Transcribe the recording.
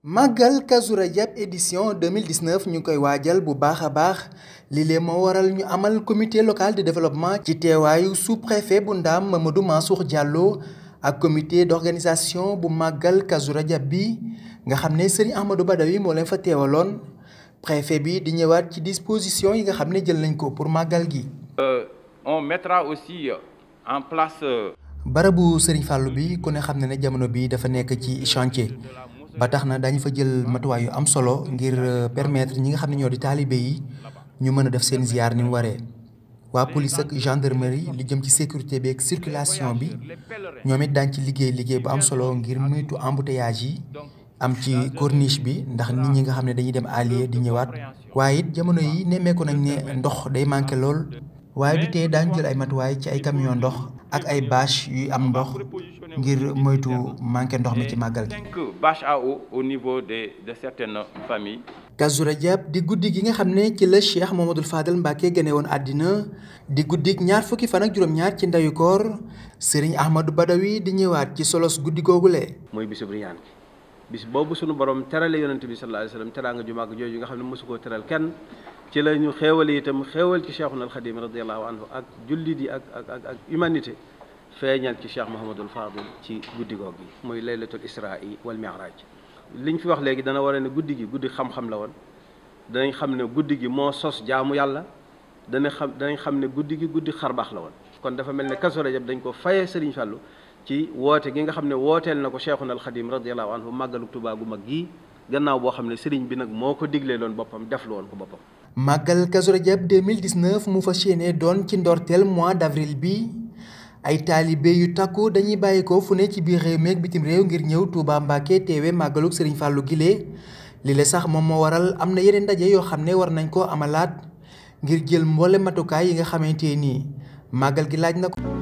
Magal Kazu Rajab édition 2019 ñu koy Wajal bu baaxa baax li le mo waral ñu amal comité local de développement ci téwayu sous-préfet bu ndam Mamadou Mansour Diallo ak comité d'organisation bu Magal Kazu Rajab bi nga xamné Serigne Ahmadou Badawi mo leen fa teewaloon préfet bi di ñëwaat ci disposition yi nga xamné jël nañ ko pour Magal. gi. Euh, on mettra aussi en place. Euh, barabu Serigne Fallou bi ku ne xamné ne jamono bi dafa nekk ci chantier. ba tax na dañu fa jël matuwaay yu am solo ngir euh, permettre ñi nga xam ne ñoo di taalibe yi ñu mën a def seen ziar ni mu waree. waa police ak gendarmerie lu jëm ci sécurité bi ak circulation bi ñoom it daañ ci liggéey liggéey bu am solo ngir moytu embouteillage yi am ci corniche bi ndax nit ñi nga xam ne dañuy dem allier di ñëwaat waaye it jamono yi nemmeeku nañ ne ndox day manqué lool waaye du tee daañu jël ay matuwaay ci ay camion ndox ak ay bâche yuy am ndox ngir moytu manqué ndox mi ci màggal gi. bâche à eau au niveau de de certaines familles. Kazu Rajab di guddi gi nga xam ne ci la Cheikh Mamadou Fadel Mbacké gane woon àddina di guddi ñaar fukki fan ak juróom-ñaar ci ndeyu koor Serigne Ahmadou Badawi di ñëwaat ci solos guddi googule. mooy bisu Riyaan bis boobu sunu borom terale yonent bi sallallahu alayhi wa sallam teraanga ju nga xam ne mosu koo teral kenn. ci la ñu xéewale itam xéewal ci cheikhuna alxadim radiallahu anhu ak jullit yi ak ak ak feeñal ci cheikh mahamadul fadil ci guddi goog gi muy laylatul israi wal mi'raj liñ fi wax léegi dana war ne guddi gi guddi xam-xam la woon danañ xam ne guddi gi moo sos jaamu yàlla dana xam danañ xam ne guddi gi guddi xarbaax la woon kon dafa mel ne kazu rajab dañ ko fayee sëriñ fàllu ci woote gi nga xam ne wooteel na ko cheikhuna alxadim radiallahu anhu màggalu tubaa gu mag gii gannaaw boo xam ne sëriñ bi nag moo ko diglee loon boppam def woon ko boppam màggal Kazu Rajab 2019 mu fas yéene doon ci ndorteel mois d'avril bi ay taalibe yu takku dañuy bàyyi ko fu ne ci biir réew meek bitim réew ngir ñëw Touba Mbacké teewe màggaluk Serigne fàllu Guilé li la sax moom moo waral am na yeneen ndaje yoo xam ne war nañ koo amalaat ngir jël mboole matukaay yi nga xamante nii màggal gi laaj na ko